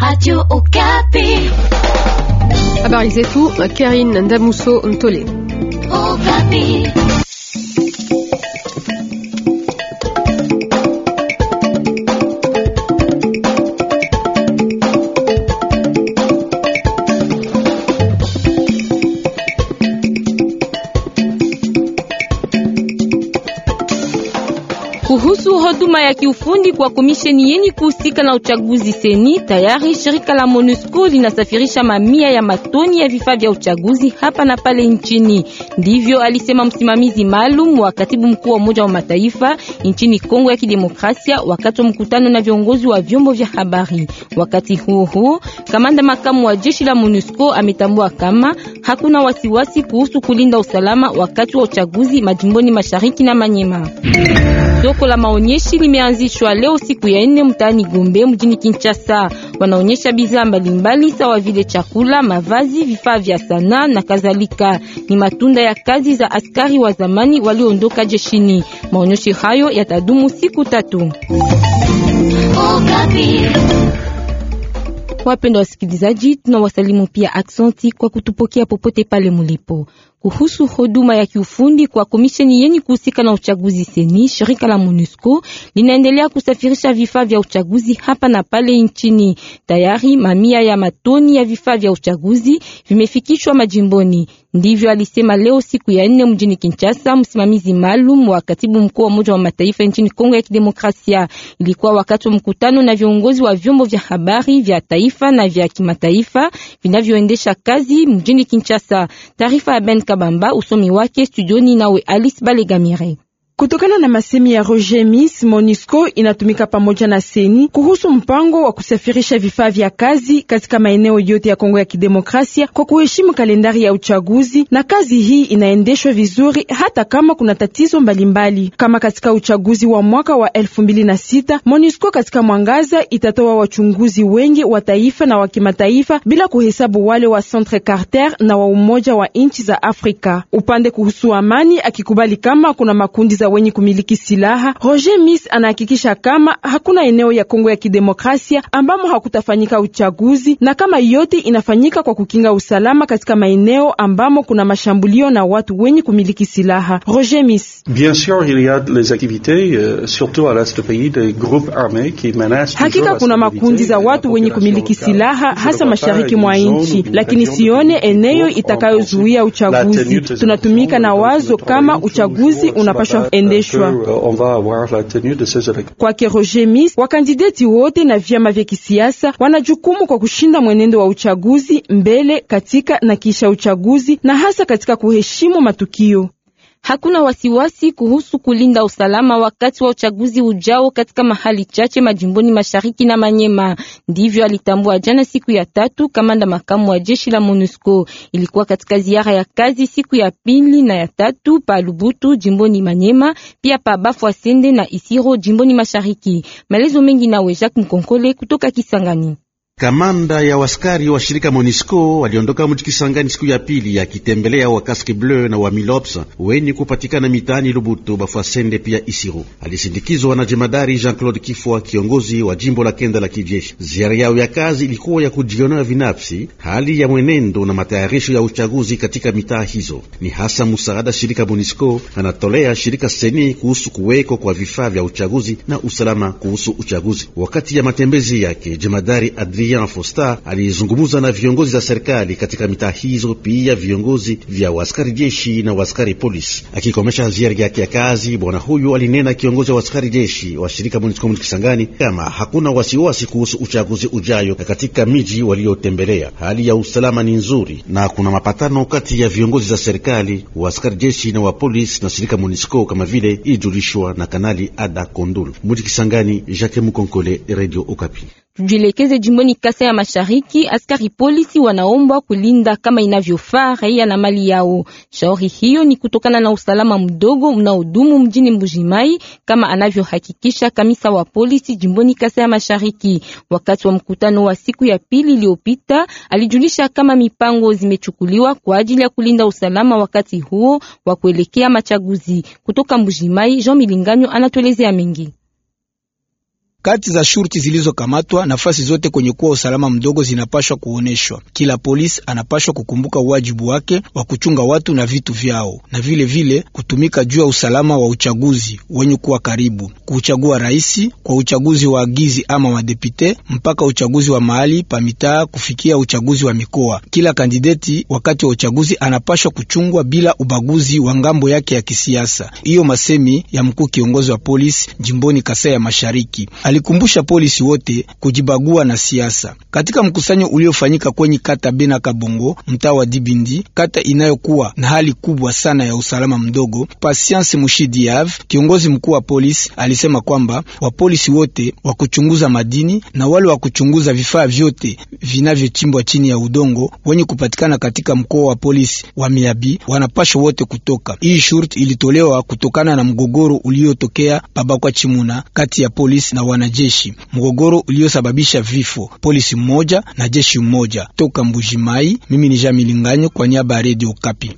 Radio Okapi. Habari zetu na Karine Ndamuso Ntole. Okapi. Kuhusu huduma ya kiufundi kwa komisheni yenye kuhusika na uchaguzi seni, tayari shirika la MONUSCO linasafirisha mamia ya matoni ya vifaa vya uchaguzi hapa na pale nchini. Ndivyo alisema msimamizi maalum wa katibu mkuu wa Umoja wa Mataifa nchini Kongo ya Kidemokrasia wakati wa mkutano na viongozi wa vyombo vya habari. Wakati huo huo, kamanda makamu wa jeshi la MONUSCO ametambua kama hakuna wasiwasi kuhusu kulinda usalama wakati wa uchaguzi majimboni mashariki na Manyema. Soko la maonyeshi limeanzishwa leo siku ya nne mtaani Gombe mjini Kinshasa. Wanaonyesha bidhaa mbalimbali sawa vile chakula, mavazi, vifaa vya sanaa na kadhalika. Ni matunda ya kazi za askari wa zamani walioondoka jeshini. Maonyesho hayo yatadumu siku tatu. Wapendwa wasikilizaji, tunawasalimu pia aksanti kwa kutupokea popote pale mulipo kuhusu huduma ya kiufundi kwa komisheni yenye kuhusika na uchaguzi seni. Shirika la MONUSCO linaendelea kusafirisha vifaa vya uchaguzi hapa na pale nchini. Tayari mamia ya matoni ya vifaa vya uchaguzi vimefikishwa majimboni. Ndivyo alisema leo siku ya nne mjini Kinshasa, msimamizi maalum wa katibu mkuu wa Umoja wa Mataifa nchini Kongo ya Kidemokrasia. Ilikuwa wakati wa mkutano na viongozi wa vyombo vya habari vya taifa na vya kimataifa vinavyoendesha kazi mjini Kinshasa. Taarifa ya Ben Kabamba, usomi wake studioni nawe Alice Balegamire. Kutokana na masemi ya Roger Miss, Monisco inatumika pamoja na Seni kuhusu mpango wa kusafirisha vifaa vya kazi katika maeneo yote ya Kongo ya Kidemokrasia kwa kuheshimu kalendari ya uchaguzi, na kazi hii inaendeshwa vizuri hata kama kuna tatizo mbalimbali mbali. Kama katika uchaguzi wa mwaka wa 2006 Monisco katika mwangaza itatoa wachunguzi wengi wa taifa na wa kimataifa bila kuhesabu wale wa Centre Carter na wa Umoja wa Nchi za Afrika. Upande kuhusu amani akikubali kama kuna makundi za wenye kumiliki silaha, Roger Miss anahakikisha kama hakuna eneo ya Kongo ya Kidemokrasia ambamo hakutafanyika uchaguzi na kama yote inafanyika kwa kukinga usalama katika maeneo ambamo kuna mashambulio na watu wenye kumiliki silaha. Roger Miss: Bien sûr il y a les activités euh, surtout à l'est du pays des groupes armés qui menacent. Hakika kuna makundi za watu wenye kumiliki silaha hasa mashariki mwa nchi, lakini sione eneo itakayozuia uchaguzi. Tunatumika na wazo kama uchaguzi unapashwa inaendeshwa kwake Roger Miss. Wakandideti wote na vyama vya kisiasa wanajukumu kwa kushinda mwenendo wa uchaguzi mbele, katika na kisha uchaguzi, na hasa katika kuheshimu matukio Hakuna wasiwasi kuhusu kulinda usalama wakati wa uchaguzi ujao katika mahali chache majimboni mashariki na Manyema. Ndivyo alitambua jana siku ya tatu kamanda makamu wa jeshi la MONUSCO. Ilikuwa katika ziara ya kazi siku ya pili na ya tatu pa Lubutu jimboni Manyema, pia pa sende na Isiro jimboni mashariki. Maelezo mengi nawe Jacques Mkonkole kutoka Kisangani. Kamanda ya waskari wa shirika Monisco waliondoka mji Kisangani siku ya pili ya kitembelea wa Casque Bleu na wa Milops weni kupatikana mitaani Lubutu, Bafwasende pia Isiro. Alisindikizwa na jemadari Jean-Claude Kifwa, kiongozi wa jimbo la kenda la kijeshi. Ziara yao ya kazi ilikuwa ya kujionea vinafsi hali ya mwenendo na matayarisho ya uchaguzi katika mitaa hizo. Ni hasa msaada shirika Monisco anatolea shirika Seni kuhusu kuweko kwa vifaa vya uchaguzi na usalama kuhusu uchaguzi. Wakati ya matembezi yake jemadari Adri Adrien Fosta alizungumza na viongozi za serikali katika mitaa hizo, pia viongozi vya waskari jeshi na waskari polisi. Akikomesha ziara yake ya kazi, bwana huyu alinena kiongozi wa waskari jeshi wa shirika MONUSCO Kisangani kama hakuna wasiwasi kuhusu uchaguzi ujayo katika miji waliotembelea. Hali ya usalama ni nzuri na kuna mapatano kati ya viongozi za serikali, waskari jeshi na wa polisi na shirika MONUSCO kama vile ijulishwa na Kanali Ada Kondulu. Muji Kisangani, Jacques Mukonkole, Radio Okapi. Tujielekeze jimboni jimboni Kasa ya Mashariki, askari polisi wanaombwa kulinda kama inavyofaa raia na mali yao. Shauri hiyo ni kutokana na usalama mdogo unaodumu mjini Mbujimai, kama anavyohakikisha kamisa wa polisi jimboni Kasa ya Mashariki. Wakati wa mkutano wa siku ya pili iliyopita, alijulisha kama mipango zimechukuliwa kwa ajili ya kulinda usalama wakati huo wa kuelekea machaguzi. Kutoka Mbujimai, Jean Milinganyo anatuelezea mengi. Kati za shurti zilizokamatwa, nafasi zote kwenye kuwa usalama mdogo zinapashwa kuoneshwa. Kila polisi anapashwa kukumbuka wajibu wake wa kuchunga watu na vitu vyao, na vile vile kutumika juu ya usalama wa uchaguzi wenye kuwa karibu, kuchagua rais kwa uchaguzi wa agizi ama wa mpaka uchaguzi wa mahali pa mitaa kufikia uchaguzi wa mikoa. Kila kandideti wakati wa uchaguzi anapashwa kuchungwa bila ubaguzi wa ngambo yake ya kisiasa. Hiyo masemi ya mkuu kiongozi wa polisi jimboni Kasai ya Mashariki alikumbusha polisi wote kujibagua na siasa. Katika mkusanyo uliofanyika kwenye kata Bena Kabongo, mtaa wa Dibindi, kata inayokuwa na hali kubwa sana ya usalama mdogo, Patience Mushidiav, kiongozi mkuu wa polisi, alisema kwamba wapolisi wote wa kuchunguza madini na wale wa kuchunguza vifaa vyote vinavyochimbwa chini ya udongo wenye kupatikana katika mkoa wa polisi wa Miabi wanapashwa wote kutoka. Hii shurti ilitolewa kutokana na mgogoro uliotokea Babakwa Chimuna kati ya polisi na wana wanajeshi, mgogoro uliosababisha vifo polisi mmoja na jeshi mmoja. Toka Mbujimai, mimi ni Jamilinganyo kwa niaba ya Radio Kapi.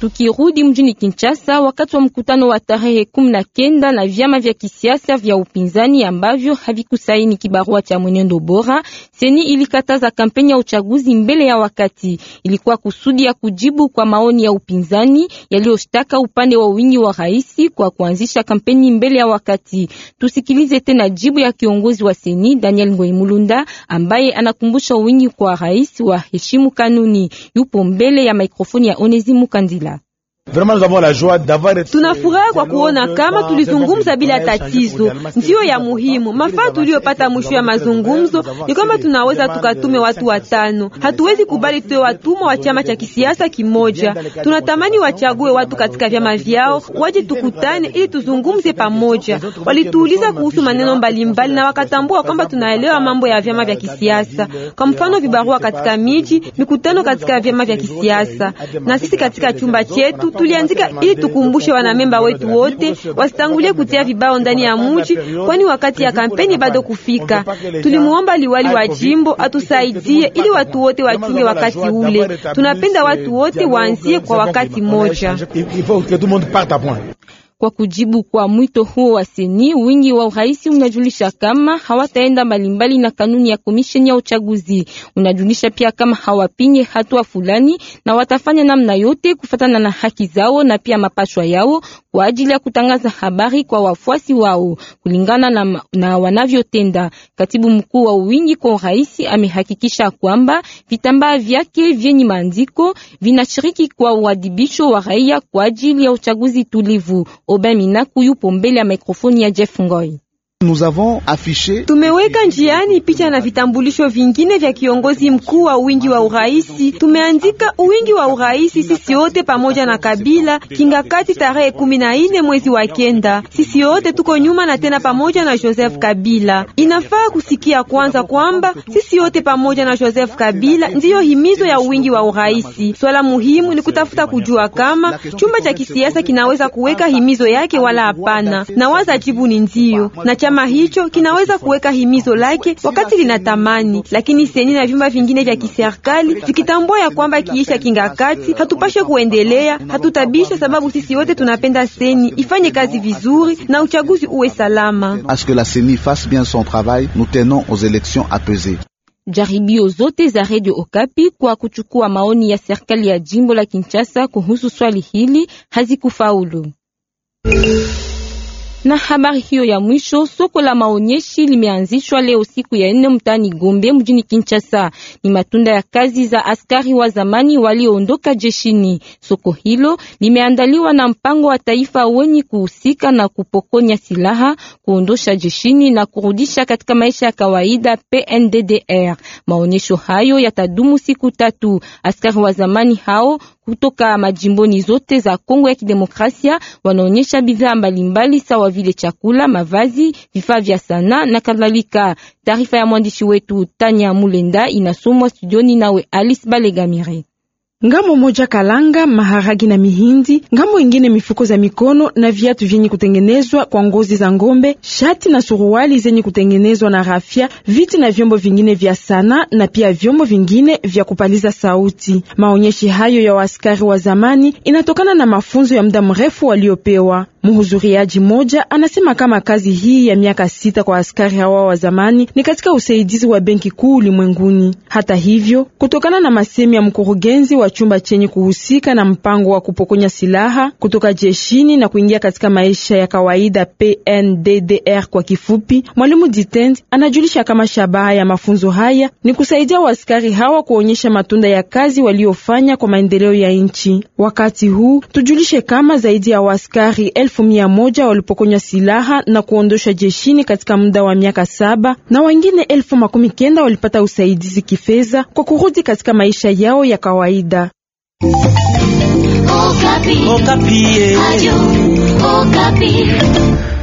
Tukirudi mjini Kinshasa, wakati wa mkutano wa tarehe kumi na kenda na vyama vya kisiasa vya upinzani ambavyo havikusaini kibarua cha mwenendo bora, Seni ilikataza kampeni ya uchaguzi mbele ya wakati. Ilikuwa kusudi ya kujibu kwa maoni ya upinzani yaliyoshtaka upande wa wingi wa rais kwa kuanzisha kampeni mbele ya wakati. Tusikilize tena jibu ya kiongozi wa Seni Daniel Ngoimulunda ambaye anakumbusha wingi kwa rais wa heshimu kanuni. Yupo mbele ya mikrofoni ya Onesimu Kandila. Tunafuraha kwa kuona kama tulizungumza bila tatizo, ndiyo ya muhimu. Mafaa tuliyopata mwisho ya mazungumzo ni kwamba tunaweza tukatume watu watano. Hatuwezi kubali tuwe watumwa wa chama cha kisiasa kimoja. Tunatamani wachague watu katika vyama vyao, waje tukutane ili tuzungumze pamoja. Walituuliza kuhusu maneno mbalimbali, na wakatambua kwamba tunaelewa mambo ya vyama vya kisiasa, kwa mfano vibarua katika miji, mikutano katika vyama vya kisiasa, na sisi katika chumba chetu tuliandika ili tukumbushe wanamemba wetu wote wasitangulie kutia vibao ndani ya muji, kwani wakati ya kampeni bado kufika. Tulimuomba liwali wa jimbo atusaidie ili watu wote wachunge wakati ule. Tunapenda watu wote waanzie kwa wakati moja. Kwa kujibu kwa mwito huo wa seni, wingi wa uraisi unajulisha kama hawataenda mbalimbali na kanuni ya komisheni ya uchaguzi. Unajulisha pia kama hawapinge hatua fulani na watafanya namna yote kufatana na haki zao na pia mapashwa yao kwa ajili ya kutangaza habari kwa wafuasi wao kulingana na, na wanavyotenda. Katibu mkuu wa wingi kwa uraisi amehakikisha kwamba vitambaa vyake vyenye maandiko vinashiriki kwa uadibisho wa raia kwa ajili ya uchaguzi tulivu. Obamina kuyu pombele ya mikrofoni ya Jeff Ngoi. Tumeweka njiani picha na vitambulisho vingine vya kiongozi mkuu wa wingi wa uraisi. Tumeandika wingi wa uraisi sisi wote pamoja na Kabila kingakati tarehe kumi na ine mwezi wa kenda. Sisi wote tuko nyuma na tena pamoja na Joseph Kabila. Inafaa kusikia kwanza kwamba sisi wote pamoja na Joseph Kabila ndiyo himizo ya wingi wa uraisi. Swala muhimu ni kutafuta kujua kama chumba cha kisiasa kinaweza kuweka himizo yake wala hapana, na waza jibu ni ndiyo na chama hicho kinaweza kuweka himizo lake wakati linatamani, lakini seni na vyumba vingine vya kiserikali vikitambua ya kwamba kiisha kingakati hatupashe kuendelea, hatutabisha sababu sisi wote tunapenda seni ifanye kazi vizuri na uchaguzi uwe salama. Jaribio zote za Radio Okapi kwa kuchukua maoni ya serikali ya jimbo la Kinshasa kuhusu swali hili hazikufaulu. Na habari hiyo ya mwisho, soko la maonyeshi limeanzishwa leo siku ya nne mtaani Gombe mjini Kinshasa. Ni matunda ya kazi za askari wa zamani walioondoka jeshini. Soko hilo limeandaliwa na mpango wa taifa wenye kuhusika na kupokonya silaha, kuondosha jeshini na kurudisha katika maisha ya kawaida PNDDR. Maonyesho hayo yatadumu siku tatu. Askari wa zamani hao kutoka majimboni zote za Kongo ya Kidemokrasia wanaonyesha bidhaa mbalimbali sawa vile chakula, mavazi, vifaa vya sanaa na kadhalika. Taarifa ya mwandishi wetu Tanya Mulenda inasomwa studioni nawe Alice Balegamire ngambo moja kalanga, maharagi na mihindi, ngambo ingine mifuko za mikono na viatu vyenye kutengenezwa kwa ngozi za ngombe, shati na suruali zenye kutengenezwa na rafia, viti na vyombo vingine vya sana na pia vyombo vingine vya kupaliza sauti. Maonyeshi hayo ya waaskari wa zamani inatokana na mafunzo ya muda mrefu waliopewa. Mhudhuriaji mmoja anasema kama kazi hii ya miaka sita kwa askari hawa wa zamani ni katika usaidizi wa Benki Kuu ulimwenguni. Hata hivyo, kutokana na masemi ya mkurugenzi wa chumba chenye kuhusika na mpango wa kupokonya silaha kutoka jeshini na kuingia katika maisha ya kawaida PNDDR kwa kifupi, Mwalimu Ditend anajulisha kama shabaha ya mafunzo haya ni kusaidia waaskari hawa kuonyesha matunda ya kazi waliofanya kwa maendeleo ya nchi. Wakati huu tujulishe kama zaidi ya waaskari elfu elfu mia moja walipokonywa silaha na kuondoshwa jeshini katika muda wa miaka saba na wengine elfu makumi kenda walipata usaidizi kifedha kwa kurudi katika maisha yao ya kawaida. Okapi. Okapi. Ayu, Okapi.